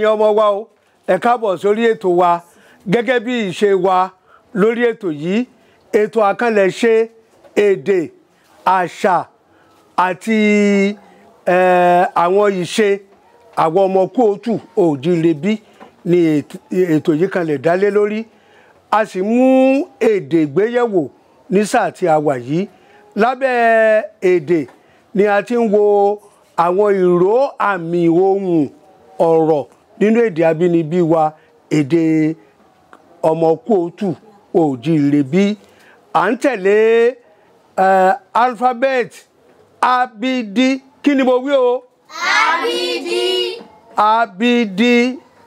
ẹ̀yin ọmọ wa o ẹ káàbọ̀ sórí ètò wa gẹ́gẹ́ bí ìṣe wa lórí ètò yìí ètò àkànlẹ̀ṣe èdè àṣà àti àwọn ìṣe àwọn ọmọ kóòtù òjìlébí ni ètò yìí kan lè dálé lórí a sì mú èdè ìgbéyẹ̀wò ní sáà tí a wà yìí lábẹ́ èdè ni a ti ń wo àwọn ìró àmì ohùn ọ̀rọ̀ nínú èdè abínibí wa èdè ọmọkóòtù òjìire bí à ń tẹ̀lé alphabet abidi kí ni mo wí o. abidi. abidi.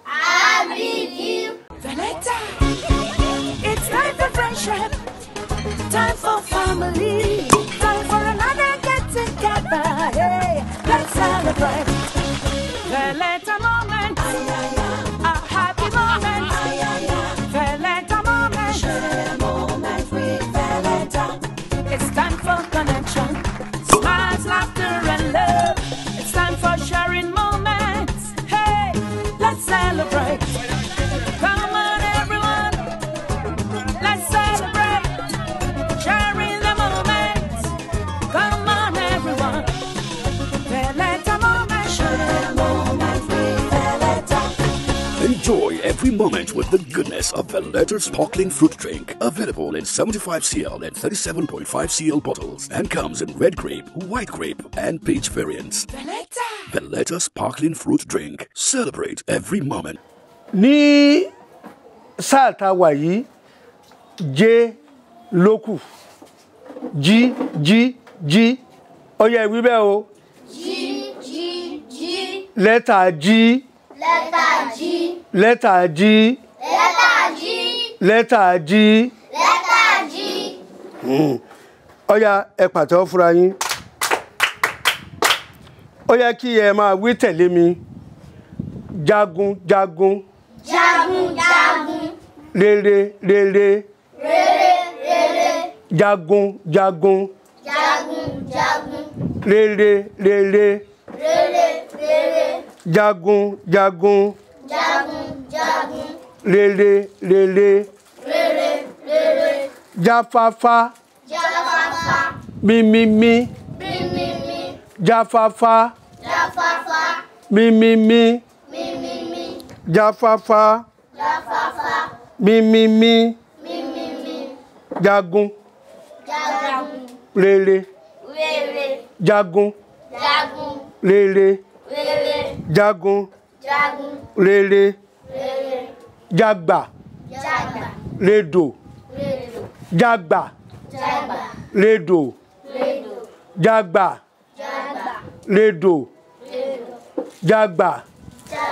abidi. Valetta, it's time for friendship, time for family. every moment with the goodness of Vellator Sparkling Fruit Drink. Available in 75cl and 37.5cl bottles and comes in red grape, white grape, and peach variants. Vellator! Vellator Sparkling Fruit Drink. Celebrate every moment. ní salta tá j lókù jí g g g o. jí bee g ji g. lẹ́tà Letter G. Letter G. Letter G. Letter G. lẹ́tà G. ọ̀yá hmm. ẹ pàtẹ́wọ́ fúnra yín ó yẹ kí ẹ máa wí tẹ̀lé mi jagun jagun. jagun jagun. rere rere. rere rere. jagun jagun. jagun jagun. rere rere jagun jagun jagun jagun rere rere rere rere jáfáfá jáfáfá mímímí mímímí jáfáfá jáfáfá mímímí mímímí jáfáfá jáfáfá mímímí mímímí jagun jagun rere rere jagun jagun rere rere jagun jagun rere rere jagba ledo redo redo jagba ledo redo jagba jagba jagba jagba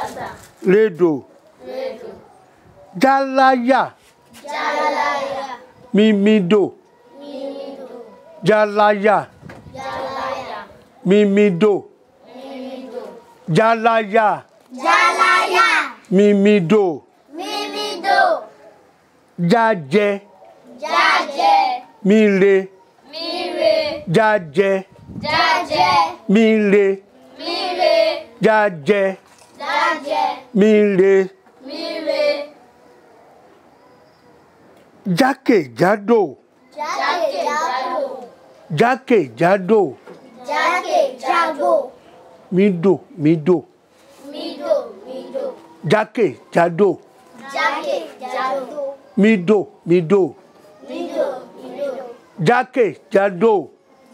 redo redo jalaya mimido mimido jalaya mimido. Jalaya. Jalaya. Mimido. Mimido. Jaje. Jaje. Mire. Mire. Jaje. Jaje. Mire. Mire. Jaje. Jaje. Mire. Mire. Jákèjádò. Jákèjádò. Jákèjádò. Jákèjádò mido mido mídò mídò. jákè jádò. jákè jádò. mido mido mídò mídò. jákè jádò.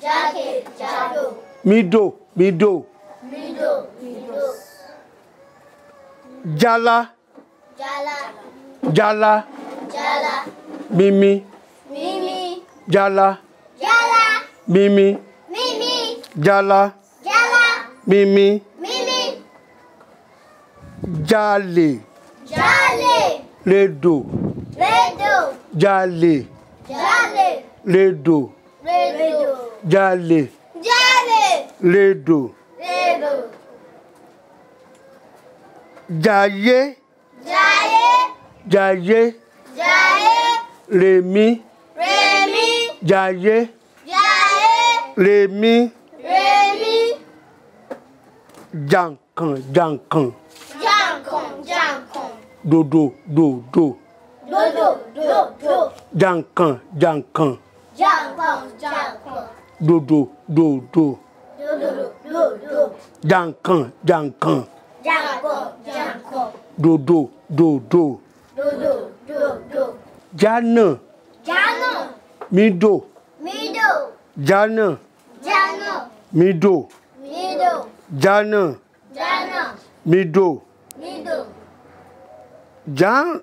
jákè jádò. mídò mídò. mídò mídò. jálá. jálá. jálá. jálá. mímí. mímí. jálá. jálá. mímí. mímí. jálá mímí. mímí. jalè. jalè. redò. redò. jalè. jalè. redò. redò. jalè. jalè. redò. redò. jayé. jayé. jayé. jayé. rèmí. rèmí. jayé jàǹkàn jàǹkàn. jàǹkàn jàǹkàn. Dodo, Dodo. Dodo, Dodo. jàǹkàn jàǹkàn. jàǹkàn jàǹkàn. Dodo, Dodo. Dodo, Dodo. jàǹkàn jàǹkàn. jàǹkàn jàǹkàn. Dodo, Dodo. Dodo, Dodo. jánà. jánà. Mido. Mido. jánà. jánà. Mido. Jana. Jana. Mido. Mido. Jan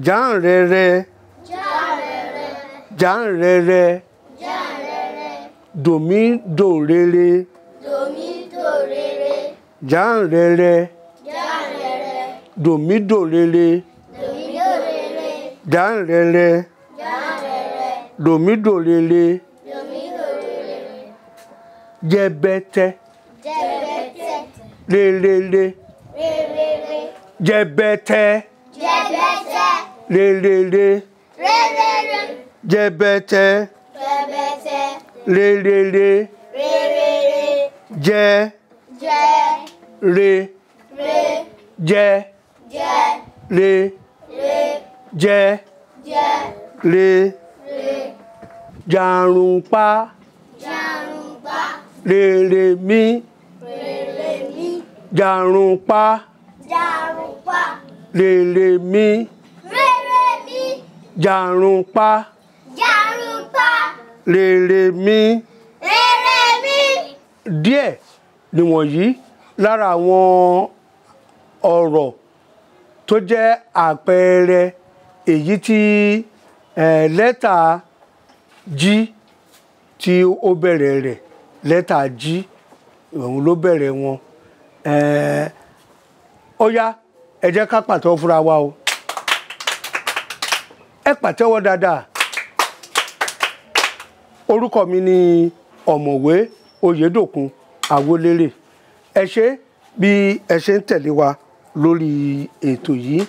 jan rere. Jan rere. Jan rere. Jan rere. Domi do rere. Domi do rere. Jan rere. Jan rere. Domi do rere. Domi do rere. Jan rere. Jan Domi do rere. Domi do rere. Jẹbẹtẹ lélélé. Jẹbẹtẹ. Jẹbẹtẹ. Lélélé. Réréré. Jẹbẹtẹ. Jẹbẹtẹ. Lélélé. Réréré. Jẹ. Jẹ. Ré. Ré. Jẹ. Jẹ. Ré. Ré. Jẹ. Jẹ. Ré. Ré. Jàrùnpá. Jàrùnpá. Rèrèmí. Rèrèmí jàrùnpá. pa, rèrè mi. rèrè mi. jàrùnpá. pa, rèrè mi. rèrè mi. díẹ̀ nìwọ̀nyí lára àwọn ọ̀rọ̀ tó jẹ́ àpẹẹrẹ èyí tí lẹ́tà G tí ó bẹ̀rẹ̀ rẹ̀ lẹ́tà G òun ló bẹ̀rẹ̀ wọn ó yá ẹ jẹ́ ká pàtẹ́wọ́ fúnra wa o ẹ pàtẹ́wọ́ dáadáa orúkọ mi ni ọ̀mọ̀wé oyèdòkun àwọlérè ẹ ṣé bí ẹ ṣe ń tẹ̀lé wa lórí ètò yìí